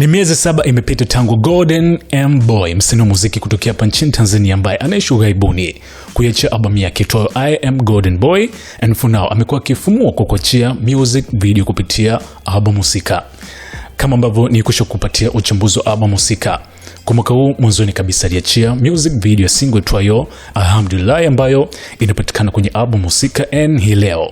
Ni miezi saba imepita tangu Golden M Boy, msanii wa muziki kutokea hapa nchini Tanzania ambaye anaishi ughaibuni, kuiachia albamu yake itwayo I Am Golden Boy, and for now amekuwa akifumua kwa kuachia music video kupitia albamu husika kama ambavyo ni kusha kupatia uchambuzi wa albamu husika kwa mwaka huu. Mwanzoni kabisa aliachia music video ya single twayo Alhamdulillah ambayo inapatikana kwenye albamu husika, and hii leo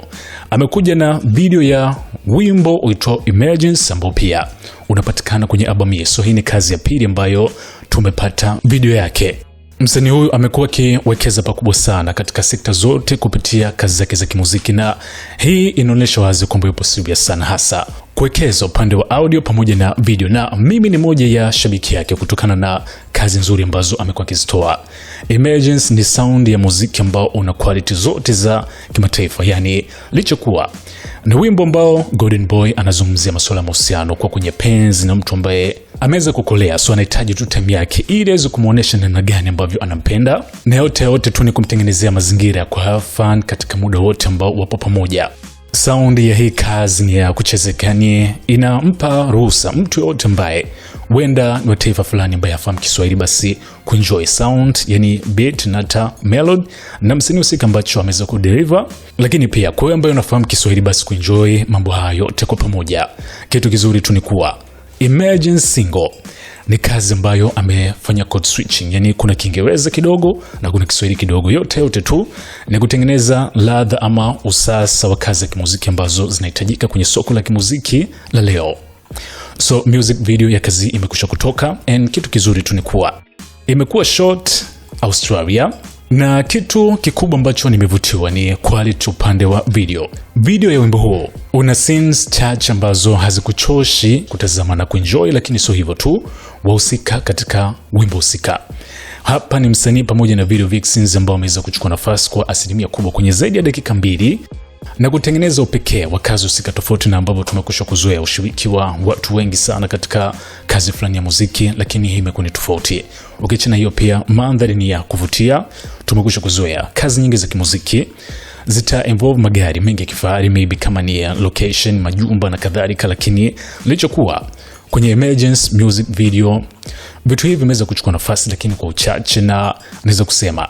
amekuja na video ya wimbo uitwao Emergency ambao pia unapatikana kwenye albamu hii. So hii ni kazi ya pili ambayo tumepata video yake. Msanii huyu amekuwa akiwekeza pakubwa sana katika sekta zote kupitia kazi zake za kimuziki, na hii inaonyesha wazi kwamba yupo serious sana hasa kuwekeza upande wa audio pamoja na video, na mimi ni moja ya shabiki yake kutokana na kazi nzuri ambazo amekuwa akizitoa. Emergence ni sound ya muziki ambao una quality zote za kimataifa, yani lichokuwa ni wimbo ambao Golden Boy anazungumzia masuala ya mahusiano kwa kwenye penzi na mtu ambaye ameweza kukolea, so anahitaji tu time yake ili aweze kumuonesha namna gani ambavyo anampenda, na yote yote tu ni kumtengenezea mazingira ya fun katika muda wote ambao wapo pamoja. Saundi ya hii kazi ni ya kuchezekani, inampa ruhusa mtu yoyote ambaye huenda ni wa taifa fulani ambaye afahamu Kiswahili basi kuenjoy sound, yani beat na ta melody na msanii husika ambacho ameweza kudeliver, lakini pia kwa ambaye unafahamu Kiswahili basi kuenjoy mambo hayo yote kwa pamoja. Kitu kizuri tu ni kuwa Imagine single ni kazi ambayo amefanya code switching, yani kuna Kiingereza kidogo na kuna Kiswahili kidogo. Yote yote tu ni kutengeneza ladha ama usasa wa kazi ya kimuziki ambazo zinahitajika kwenye soko la kimuziki la leo. So music video ya kazi imekwisha kutoka and kitu kizuri tu ni kuwa imekuwa shot Australia na kitu kikubwa ambacho nimevutiwa ni quality upande wa video video ya wimbo huo una scenes chache ambazo hazikuchoshi kutazama na kuenjoy lakini sio hivyo tu wahusika katika wimbo husika hapa ni msanii pamoja na video vixens ambao wameweza kuchukua nafasi kwa asilimia kubwa kwenye zaidi ya dakika mbili na kutengeneza upekee wa kazi husika tofauti na ambavyo tumekusha kuzoea ushiriki wa watu wengi sana katika kazi fulani ya muziki, lakini hii imekuwa ni tofauti. Ukiachana hiyo, pia mandhari ni ya kuvutia, tumekusha kuzoea kazi nyingi za kimuziki zita involve magari mengi ya kifahari maybe kama ni uh, location, majumba na kadhalika, lakini lichokuwa kwenye emergence music video, vitu hivi vimeweza kuchukua nafasi, lakini kwa uchache, na naweza kusema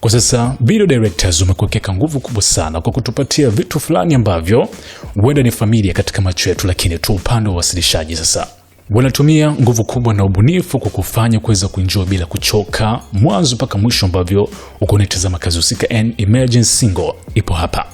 kwa sasa video directors wamekuwekeka nguvu kubwa sana kwa kutupatia vitu fulani ambavyo huenda ni familia katika macho yetu, lakini tu upande wa wasilishaji sasa wanatumia nguvu kubwa na ubunifu kwa kufanya kuweza kuinjua bila kuchoka mwanzo mpaka mwisho, ambavyo uko unaitazama kazi husika. emergency single ipo hapa.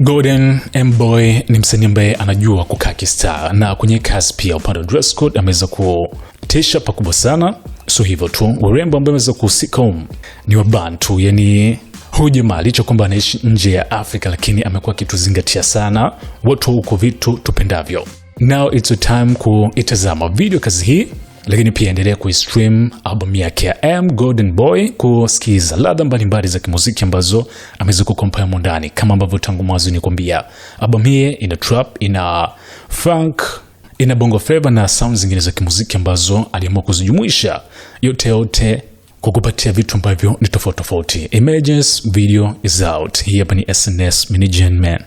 Gordon Mboy ni msanii ambaye anajua kukaa kistaa, na kwenye kazi pia upande wa dress code ameweza kutisha pakubwa sana. So hivyo tu, warembo ambaye ameweza kuhusika um ni Wabantu, yani huyu jamaa licha kwamba anaishi nje ya Afrika, lakini amekuwa akituzingatia sana watu huko, vitu tupendavyo. Now it's a time kuitazama video kazi hii, lakini pia endelea kuistream album yake ya M Golden Boy, kusikiza ladha mbalimbali za kimuziki ambazo amezikukompa humo ndani. Kama ambavyo tangu mwanzo nikuambia, album hii ina trap, ina funk, ina bongo flava na sound zingine za kimuziki ambazo aliamua kuzijumuisha yote yote kukupatia vitu ambavyo ni tofauti tofauti. Emergence video is out. Hii hapa ni SNS Mini Man.